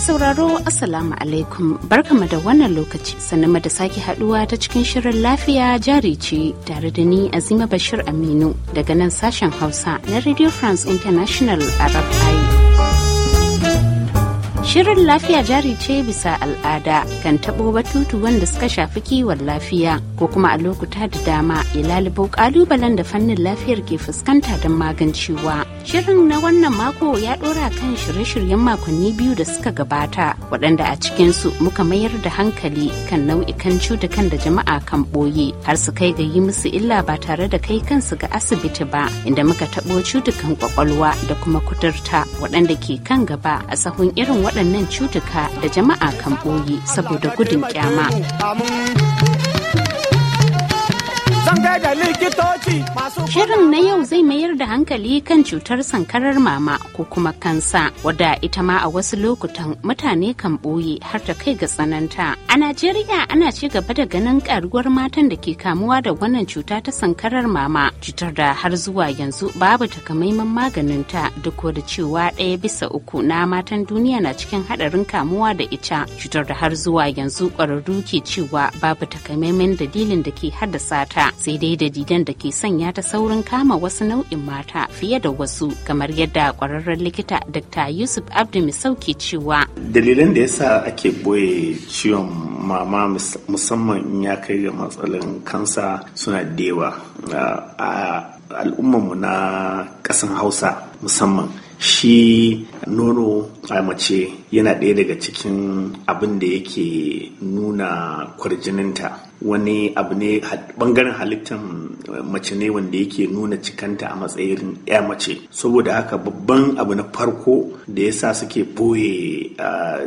sauraro Assalamu alaikum barkama da wannan lokaci sannan da sake haduwa ta cikin shirin lafiya jari ce tare da ni Azima Bashir Aminu daga nan sashen Hausa na Radio France International a Rabai. Shirin lafiya jari ce bisa al'ada kan taɓo batutu wanda suka shafi kiwon lafiya ko kuma a lokuta da dama ya lalubo ƙalubalen da fannin lafiyar ke fuskanta don magancewa. Shirin na wannan mako ya ɗora kan shirye-shiryen makonni biyu da suka gabata waɗanda a cikinsu muka mayar da hankali kan nau'ikan cutukan da jama'a kan ɓoye har su kai ga yi musu illa ba tare da kai kansu ga asibiti ba inda muka taɓo cutukan ƙwaƙwalwa da kuma kudurta waɗanda ke kan gaba a sahun irin waɗannan cutuka da jama'a kan ɓoye saboda gudun kyama. Shirin na yau zai mayar da hankali kan cutar sankarar mama ko kuma kansa wadda ita ma a wasu lokutan mutane kan ɓoye har ta kai ga tsananta. A Najeriya ana ci gaba da ganin karuwar matan da ke kamuwa da wannan cuta ta sankarar mama cutar da har zuwa yanzu babu takamaiman maganinta duk da cewa ɗaya bisa uku na matan duniya na cikin haɗarin kamuwa da ita cutar da har zuwa yanzu ƙwararru ke cewa babu takamaiman dalilin da ke haddasa ta sai dai da didan da ke sanya ta saurin kama wasu nau'in mata fiye da wasu kamar yadda kwararren likita dr yusuf abdu misau ke cewa dalilan da yasa ake boye ciwon mama musamman in ya kai ga matsalin kansa suna dewa a al'ummarmu na ƙasan hausa musamman shi nono a mace yana ɗaya daga cikin abin da yake nuna kwarjininta wani abu ne bangaren halittar mace ne wanda yake nuna cikanta a matsayin ya mace saboda haka babban abu na farko da ya sa suke boye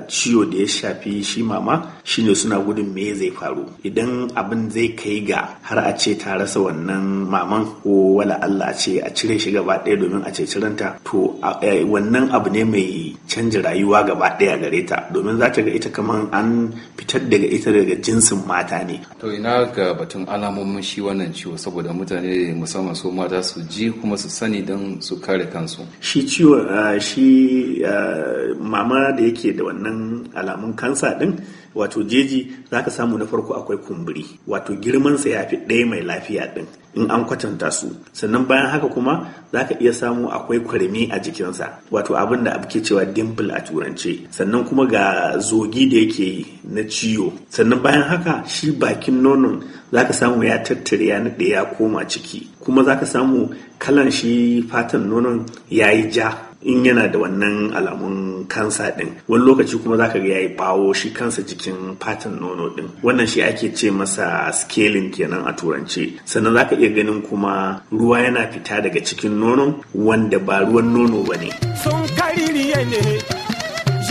ciwo da ya shafi shi mama shine suna gudun me zai faru idan abin zai kai ga har a ce ta rasa wannan maman ko wala Allah a ce a cire shi gaba ɗaya domin a ce ranta to eh, wannan abu ne mai canja rayuwa gaba ɗaya gare ta domin za ta ga ita kamar an fitar daga ita daga jinsin mata ne. To ina ga batun alamomin shi wannan ciwo saboda mutane musamman su mata su ji kuma su sani don su kare kansu. Shi ciwo ah, shi ah, mama da yake da wannan alamun kansa ɗin wato jeji za ka samu na farko akwai kumburi wato girmansa ya fi ɗaya mai lafiya ɗin in an kwatanta su sannan bayan haka kuma za ka iya samu akwai kwarmi a jikinsa wato abin da ake cewa dimpul a turance sannan kuma ga zogi da yake yi na ciwo sannan bayan haka shi bakin nonon za ka samu ya tattare ya naɗe ya koma ciki kuma za ka samu kalan shi fatan nonon ya yi ja in yana da wannan alamun kansa din wani lokaci kuma zaka ga yayi bawo shi kansa jikin fatan nono din wannan shi ake ce masa scaling kenan a turance sannan zaka iya ganin kuma ruwa yana fita daga cikin nonon wanda ba ruwan nono bane sun ne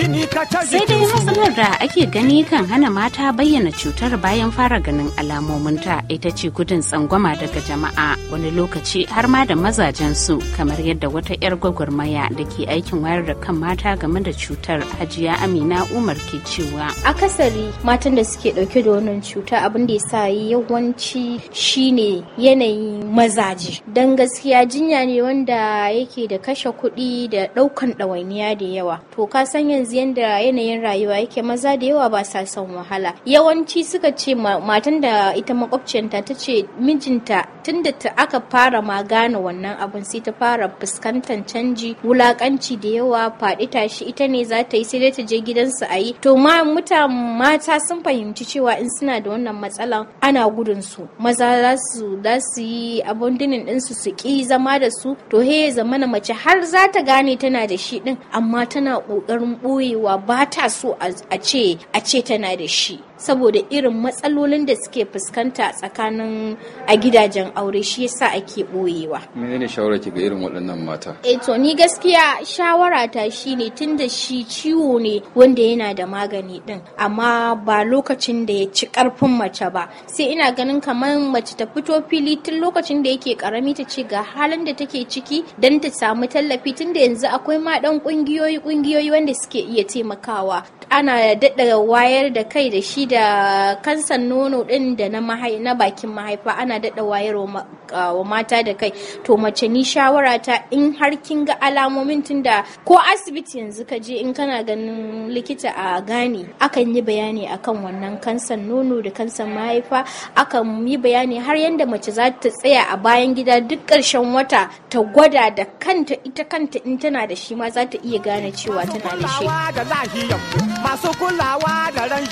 sai dai matsalar da ake gani kan hana mata bayyana cutar bayan fara ganin alamominta ita ce gudun tsangwama daga jama'a wani lokaci har ma da mazajen su kamar yadda wata 'yar gwagwarmaya da ke aikin wayar da kan mata game da cutar hajiya amina umar ke cewa akasari matan da suke dauke da wannan cuta abin da ya sa yawanci shine yanayin mazaje don gaskiya jinya ne wanda yake da kashe kuɗi da ɗaukan ɗawainiya da yawa to ka san yanzu yanzu yanda yanayin rayuwa yake maza da yawa ba sa son wahala yawanci suka ce matan da ita makwabciyanta ta ce mijinta tunda ta aka fara ma gane wannan abun sai ta fara fuskantar canji wulakanci da yawa faɗi tashi ita ne za ta yi sai dai ta je gidansu a yi to ma mutan mata sun fahimci cewa in suna da wannan matsalan ana gudun su maza za su za su yi dinin ɗinsu su ki zama da su to he zamana mace har za ta gane tana da shi ɗin amma tana ƙoƙarin ɓoye ɓoyewa ba ta so a ce tana da shi saboda irin matsalolin da suke fuskanta tsakanin a gidajen aure shi yasa ake boyewa menene shawara ke ga irin waɗannan mata eh to ni gaskiya shawara ta shine da shi ciwo ne wanda yana da magani din amma ba lokacin da ya ci karfin mace ba sai ina ganin kamar mace ta fito fili tun lokacin da yake karami ta ce ga halin da take ciki dan ta samu tallafi tun da yanzu akwai ma dan kungiyoyi kungiyoyi wanda suke iya taimakawa ana daɗa wayar da kai da shi da kansan nono din da na na bakin mahaifa ana daɗa wayar wa mata da kai to mace ni shawara ta in har kin ga alamomin tun da ko asibiti yanzu ka je in kana ganin likita a gane akan yi bayani akan wannan kansan nono da kansan mahaifa akan yi bayani har yanda mace za ta tsaya a bayan gida duk karshen wata ta gwada da kanta ita kanta in tana da shi ma za ta iya gane cewa tana da shi masu kulawa da ran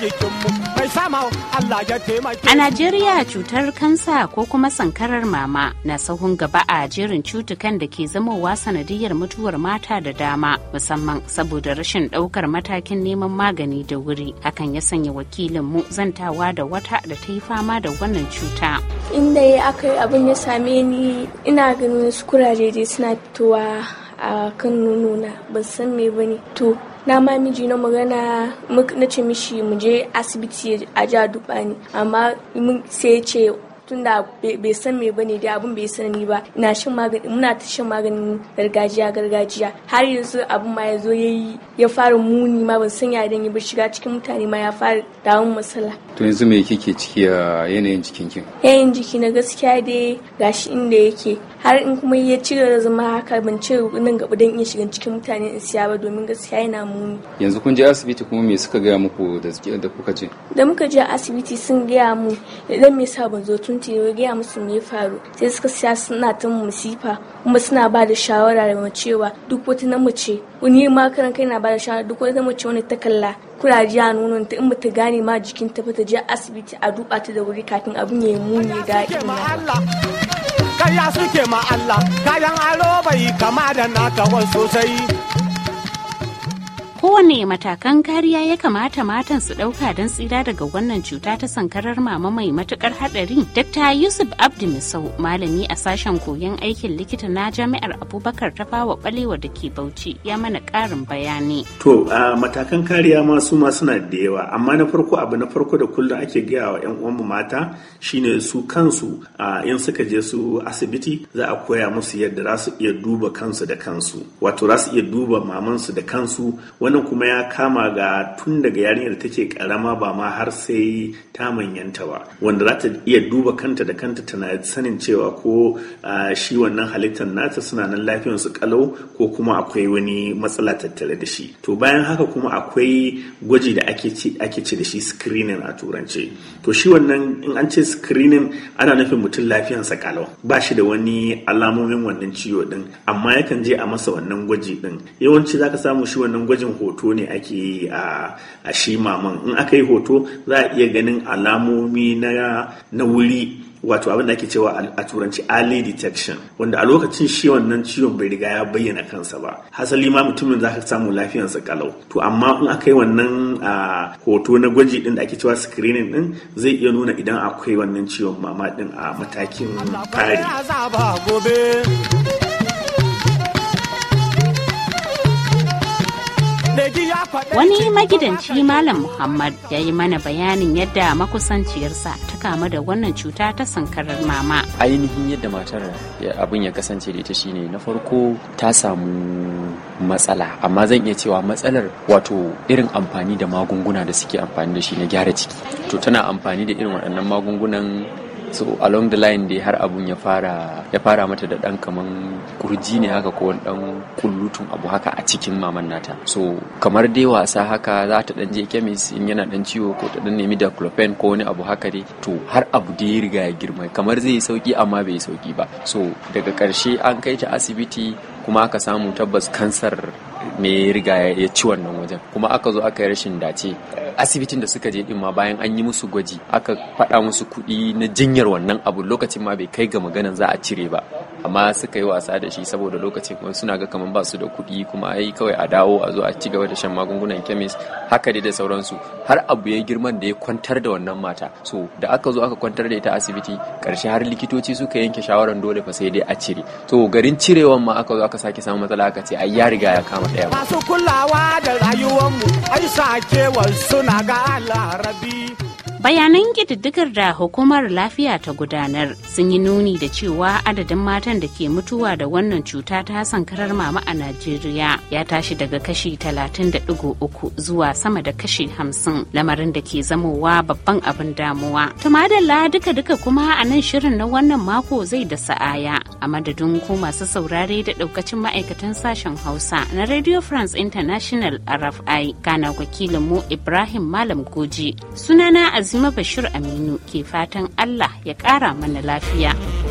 A Najeriya cutar kansa ko kuma sankarar mama na sahun gaba a jerin cutukan da ke zamowa sanadiyar mutuwar mata da dama musamman saboda rashin daukar matakin neman magani da wuri hakan ya sanya wakilin mu zantawa da wata da ta yi fama da wannan cuta. Inda ya aka abin ya same ni ina ganin su kuraje suna fitowa a kan na ban san me bane to na ma miji na magana na ce mishi mu je asibiti a ja duba amma sai ce tunda bai san me bane da abun bai san ni ba ina shan magani muna ta shan maganin gargajiya gargajiya har yanzu abun ma ya yayi ya fara muni ma ban san ya dan yi ba shiga cikin mutane ma ya fara damun masala to yanzu me kike ciki a yanayin jikin kin yanayin jiki na gaskiya dai gashi inda yake har in kuma ya cire da zama haka ban cire nan gaba dan iya shiga cikin mutane in siya ba domin gaskiya yana muni yanzu kun je asibiti kuma me suka gaya muku da kuka je da muka je asibiti sun gaya mu idan me sa ban zo tun mijinta ya gaya musu me faru sai suka siya suna ta musifa kuma suna ba da shawara da cewa duk wata namace wani ma karan kai na ba da shawara duk wata namace wani ta kalla kuraje a nonon ta in bata gane ma jikin ta ta je asibiti a duba ta da wuri kafin abin ya yi muni da kaya suke ma Allah kayan alo bai kama da naka wasu sosai kowane matakan kariya ya kamata matan su ɗauka don tsira daga wannan cuta ta sankarar mama mai matukar haɗari dr yusuf abdi misau malami a sashen koyon aikin likita na jami'ar abubakar ta fawa balewa da ke bauchi ya mana karin bayani to matakan kariya masu ma suna da yawa amma na farko abu na farko da kullum ake gaya wa 'yan uwanmu mata shine su kansu in suka je su asibiti za a koya musu yadda za su iya duba kansu da kansu wato za su iya duba mamansu da kansu wannan kuma ya kama ga tun daga yarinyar da take karama ba ma har sai ta manyanta ba wanda za ta iya duba kanta da kanta tana sanin cewa ko shi wannan halittar nata suna nan lafiyar su kalau ko kuma akwai wani matsala tattare da shi to bayan haka kuma akwai gwaji da ake ce da shi screening a turance to shi wannan in an ce screening ana nufin mutum lafiyar sa kalau ba shi da wani alamomin wannan ciwo din amma yakan je a masa wannan gwaji din yawanci zaka samu shi wannan gwajin hoto ne ake yi a shi maman in aka yi hoto za a iya ganin alamomi na wuri wato abin da ake cewa a turanci early detection wanda a lokacin shi wannan ciwon bai riga ya bayyana kansa ba hasali ma mutumin za ka samu lafiyansa kalau to amma in aka yi wannan hoto na gwaji din da ake cewa screening din zai iya nuna idan akwai wannan ciwon mama din a matakin fari Wani magidanci Malam Muhammad ya yi mana bayanin yadda makusanciyarsa ta kamu da wannan cuta ta sankarar mama. Ainihin yadda matar abin ya kasance da ita shine na farko ta samu matsala amma zan iya cewa matsalar wato irin amfani da magunguna da suke amfani da shi na gyara ciki. To tana amfani da irin waɗannan magungunan so along the line dai har abun ya fara ya fara mata da dan kaman kurji ne haka ko dan kullutun abu haka a cikin maman nata so kamar dai wasa haka za ta dan je chemist in yana dan ciwo ko ta dan nemi daclofen ko wani abu haka dai to har abu dai ya riga ya girma kamar zai sauki amma bai sauki ba so daga karshe an kai ta asibiti kuma aka samu tabbas kansar me ya riga ya ci wannan wajen kuma aka zo aka yi rashin dace asibitin da suka je din ma bayan an yi musu gwaji aka faɗa musu kuɗi na jinyar wannan abu lokacin ma bai kai ga maganan za a cire ba amma suka yi wasa da shi saboda lokacin kuma suna ga kamar ba su da kuɗi kuma ai kawai a dawo a zo a ci gaba da shan magungunan kemis haka dai da sauransu har abu ya girman da ya kwantar da wannan mata so da aka zo aka kwantar da ita asibiti karshe har likitoci suka yanke shawaran dole fa sai dai a cire to garin cirewan ma aka zo aka sake samu matsala aka ce ai ya riga ya kama ɗaya masu kulawa da rayuwarmu ai sakewar suna ga larabi bayanan ƙididdigar da hukumar lafiya ta gudanar sun yi nuni da cewa adadin matan da ke mutuwa da wannan cuta ta sankarar mama a najeriya ya tashi daga kashi 30.3 zuwa sama da kashi 50 lamarin da ke zamowa babban abin damuwa tumadalla duka-duka kuma a nan shirin na wannan mako zai da sa'aya a madadin ko masu saurare da ɗaukacin ma'aikatan sashen hausa na radio france international rfi kana wakilinmu ibrahim malam goji sunana az yanzu bashir aminu ke fatan allah ya kara mana lafiya.